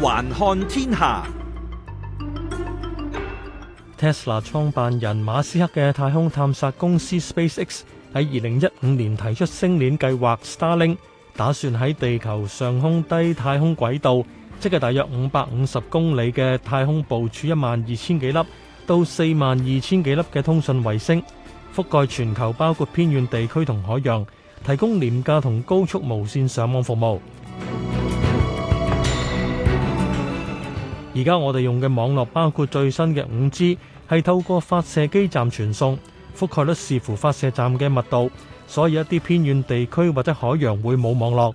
環看天下，Tesla 創辦人馬斯克嘅太空探索公司 SpaceX 喺二零一五年提出星鏈計劃 Starlink，打算喺地球上空低太空軌道，即係大約五百五十公里嘅太空部署一萬二千幾粒到四萬二千幾粒嘅通訊衛星，覆蓋全球，包括偏遠地區同海洋，提供廉價同高速無線上網服務。而家我哋用嘅網絡包括最新嘅五 G，係透過發射基站傳送，覆蓋率視乎發射站嘅密度，所以一啲偏遠地區或者海洋會冇網絡。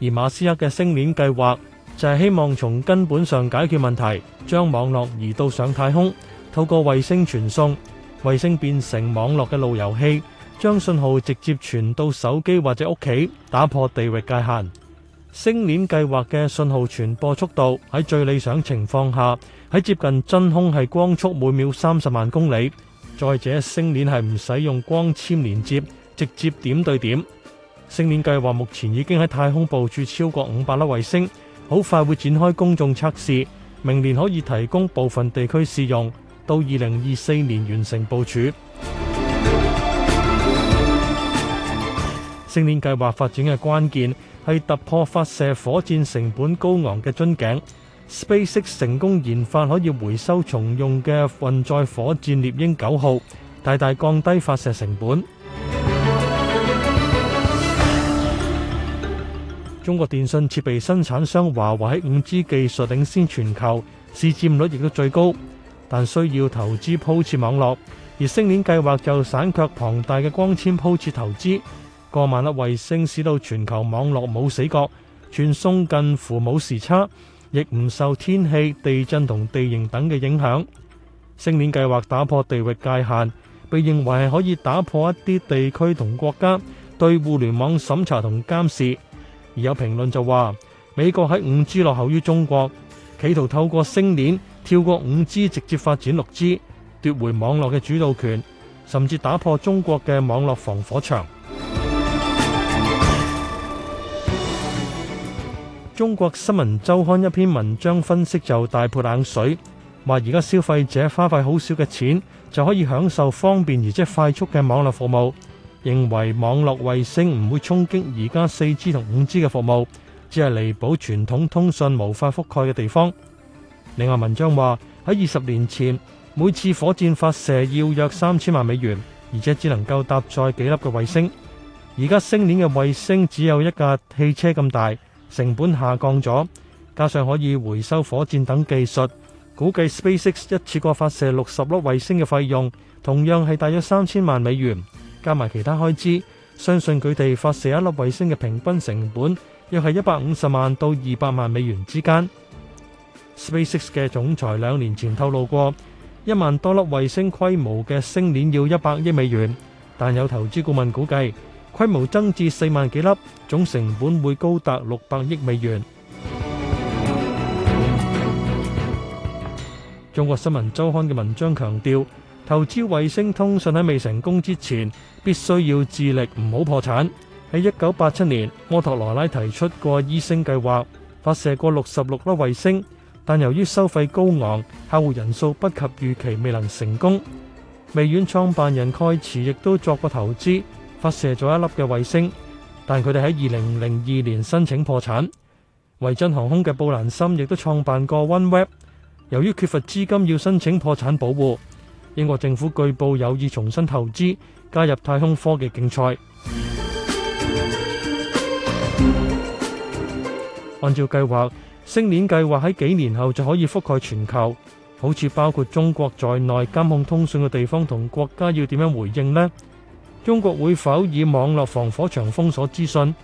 而馬斯克嘅星鏈計劃就係希望從根本上解決問題，將網絡移到上太空，透過衛星傳送，衛星變成網絡嘅路由器，將信號直接傳到手機或者屋企，打破地域界限。星鏈計劃嘅信號傳播速度喺最理想情況下，喺接近真空係光速每秒三十萬公里。再者，星鏈係唔使用光纖連接，直接點對點。星鏈計劃目前已經喺太空部署超過五百粒衛星，好快會展開公眾測試，明年可以提供部分地區試用，到二零二四年完成部署。星鏈計劃發展嘅關鍵係突破發射火箭成本高昂嘅樽頸，SpaceX 成功研發可以回收重用嘅運載火箭獵鷹九號，大大降低發射成本。中國電信設備生產商華為喺五 G 技術領先全球，市占率亦都最高，但需要投資鋪設網絡，而星鏈計劃就省卻龐大嘅光纖鋪設投資。過萬粒衛星使到全球網絡冇死角，傳送近乎冇時差，亦唔受天氣、地震同地形等嘅影響。星鏈計劃打破地域界限，被認為係可以打破一啲地區同國家對互聯網審查同監視。而有評論就話，美國喺五 G 落後於中國，企圖透過星鏈跳過五 G 直接發展六 G，奪回網絡嘅主導權，甚至打破中國嘅網絡防火牆。中國新聞周刊一篇文章分析就大潑冷水，話而家消費者花費好少嘅錢就可以享受方便而且快速嘅網絡服務，認為網絡衛星唔會衝擊而家四 G 同五 G 嘅服務，只係彌補傳統通訊無法覆蓋嘅地方。另外，文章話喺二十年前，每次火箭發射要約三千萬美元，而且只能夠搭載幾粒嘅衛星。而家星鏈嘅衛星只有一架汽車咁大。成本下降咗，加上可以回收火箭等技術，估計 SpaceX 一次過發射六十粒衛星嘅費用，同樣係大約三千萬美元，加埋其他開支，相信佢哋發射一粒衛星嘅平均成本，約係一百五十萬到二百萬美元之間。SpaceX 嘅總裁兩年前透露過一萬多粒衛星規模嘅星鏈要一百億美元，但有投資顧問估計。規模增至四萬幾粒，總成本會高達六百億美元。中國新聞週刊嘅文章強調，投資衛星通訊喺未成功之前，必須要致力唔好破產。喺一九八七年，摩托羅拉提出過銥星計劃，發射過六十六粒衛星，但由於收費高昂，客戶人數不及預期，未能成功。微軟創辦人蓋茨亦都作過投資。發射咗一粒嘅衛星，但佢哋喺二零零二年申請破產。維珍航空嘅布蘭森亦都創辦過 OneWeb，由於缺乏資金要申請破產保護，英國政府據報有意重新投資加入太空科技競賽。 按照計劃，星鏈計劃喺幾年後就可以覆蓋全球，好似包括中國在內監控通訊嘅地方同國家，要點樣回應呢？中國會否以網絡防火牆封鎖資訊？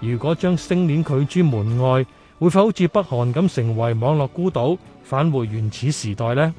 如果將星鏈拒之門外，會否好似北韓咁成為網絡孤島，返回原始時代呢？